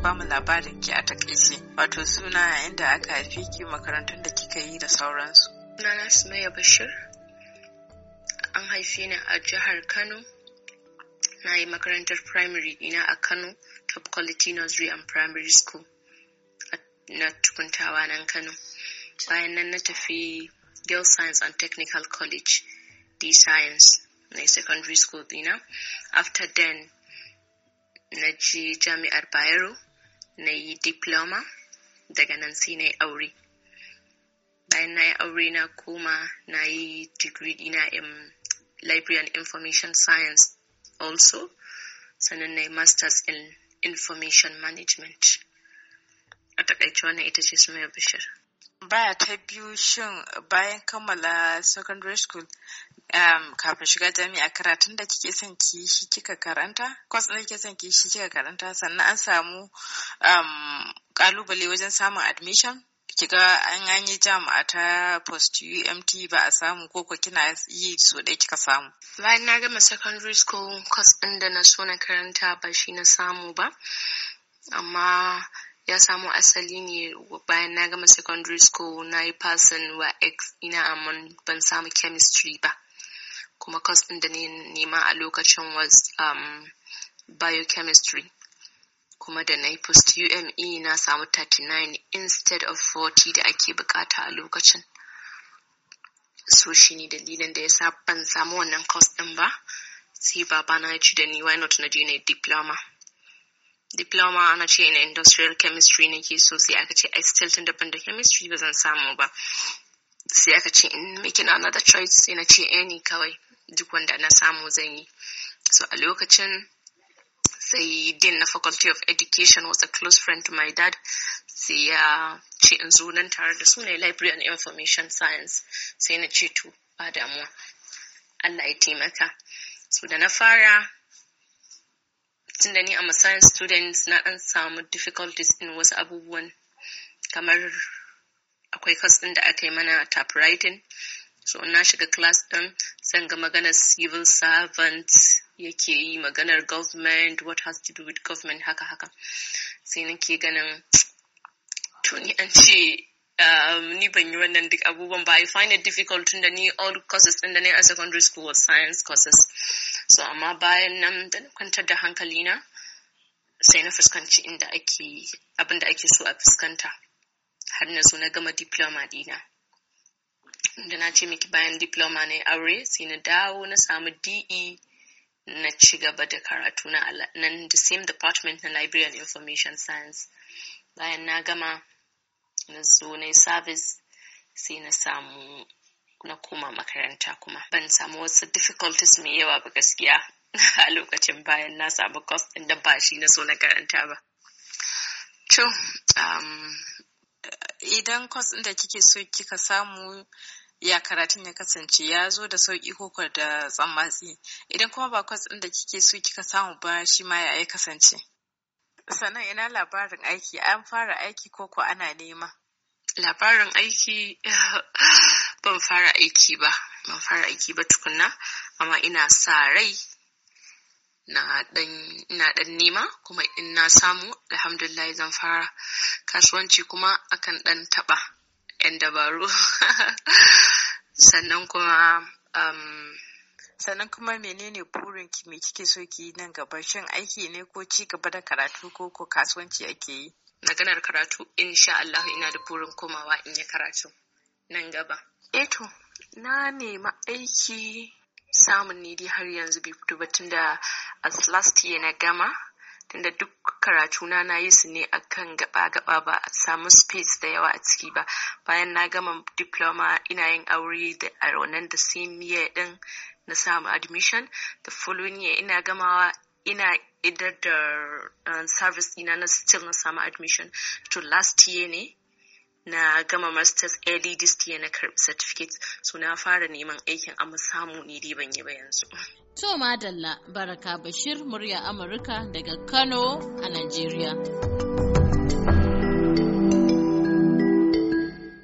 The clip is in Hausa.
ba mu labarin ki a takaice wato suna inda aka haifi ki makarantar da kika yi da sauransu. Sunana mai Bashir an haifi ni a jihar Kano na yi makarantar primary ina a Kano Top Quality Nursery and Primary School na tukuntawa nan Kano. Bayan nan na tafi Girl Science and Technical College D Science na secondary school dina. After then na je jami'ar bayero na yi diploma daga nan sai na yi aure bayan na yi aure na koma na yi degree dina in library and information science also sannan na yi masters in information management a takaice wannan ita ce su mai bishir baya ta biyu shin bayan kammala secondary school um, kafin shiga jami'a karatun da kike son ki shi kika karanta kwas ɗin kike son ki shi kika karanta sannan an samu um, kalubale wajen samun admission kika an an yi jami'a ta post UMT ba a samu ko ko kina yi so ɗaya kika samu bayan na gama secondary school kwas ɗin da na so na karanta ba shi na samu ba amma ya samo asali ne bayan na gama secondary school na yi passing wa ex ina amma ban samu chemistry ba kuma course ɗin da ne nema a lokacin was um, biochemistry kuma da na yi post UME na samu 39 instead of 40 da ake bukata a lokacin so shi ne dalilin da ya sa ban samu wannan course ɗin ba sai babana ya ci da ni why not na je na diploma diploma na ce in industrial chemistry nake so sai aka ce i still tun daban da chemistry ba zan samu ba sai aka ce in mm, making another choice sai na ce any eh, kawai duk wanda na samu zan yi so a lokacin sai din na faculty of education was a close friend to my dad sai ya ce in zo nan tare da su library and information science sai na ce to ba damuwa Allah ya taimaka so da na fara tun da ni a science student na ɗan samu difficulties in wasu abubuwan kamar akwai kas ɗin da aka yi mana writing so na shiga class ɗin zan ga maganar civil servants yake yi maganar government what has to do with government haka haka sai nake ganin tuni an ce um, ni ban yi wannan duk abubuwan ba I find it difficult da ni all courses ɗin da ni a secondary school was science courses so amma bayan nan da na kwantar da hankali na sai na fuskanci inda ake abin da ake so a fuskanta har na zo na gama diploma dina da na ce miki bayan diploma na yi aure sai na dawo na samu de na ci gaba da karatu na nan the same department na library and information science bayan na gama na zo na yi service sai na samu na koma makaranta kuma ban samu wasu difficulties mai yawa ba gaskiya a lokacin bayan na samu kwas ɗin da ba shi na so na karanta ba to um, idan kwas ɗin da kike so kika samu ya karatun ya kasance ya zo da sauki ko da tsammatsi idan kuma ba kwas ɗin da kike so kika samu ba shi ma ya kasance sannan ina labarin aiki an fara aiki ko ana nema labarin aiki ban fara aiki ba ban fara aiki ba tukunna amma ina sa rai na dan ina ɗan nema kuma ina na samu alhamdulillah zan fara kasuwanci kuma akan dan taba yan dabaru sannan kuma um, sannan kuma menene burin ki me kike so ki nan gaba shin aiki ne ko ci gaba da karatu ko ko kasuwanci ake yi maganar karatu insha Allah ina da burin komawa in yi karatu nan gaba? Eto, eh na nema aiki samun nidi har yanzu bai fito ba tunda as last year na gama tunda duk karatuna na yi su ne a kan gaba-gaba ba a samu space da yawa a ciki ba bayan na gama diploma ina yin aure da a wannan da same din na samu admission the following year ina gamawa ina idar da um, service ina na still na samu admission to last year ne na gama masters early this na karbi certificate so na fara neman aikin amma samu ne dai ban yi ba yanzu to madalla baraka bashir murya amurka daga kano a Najeriya.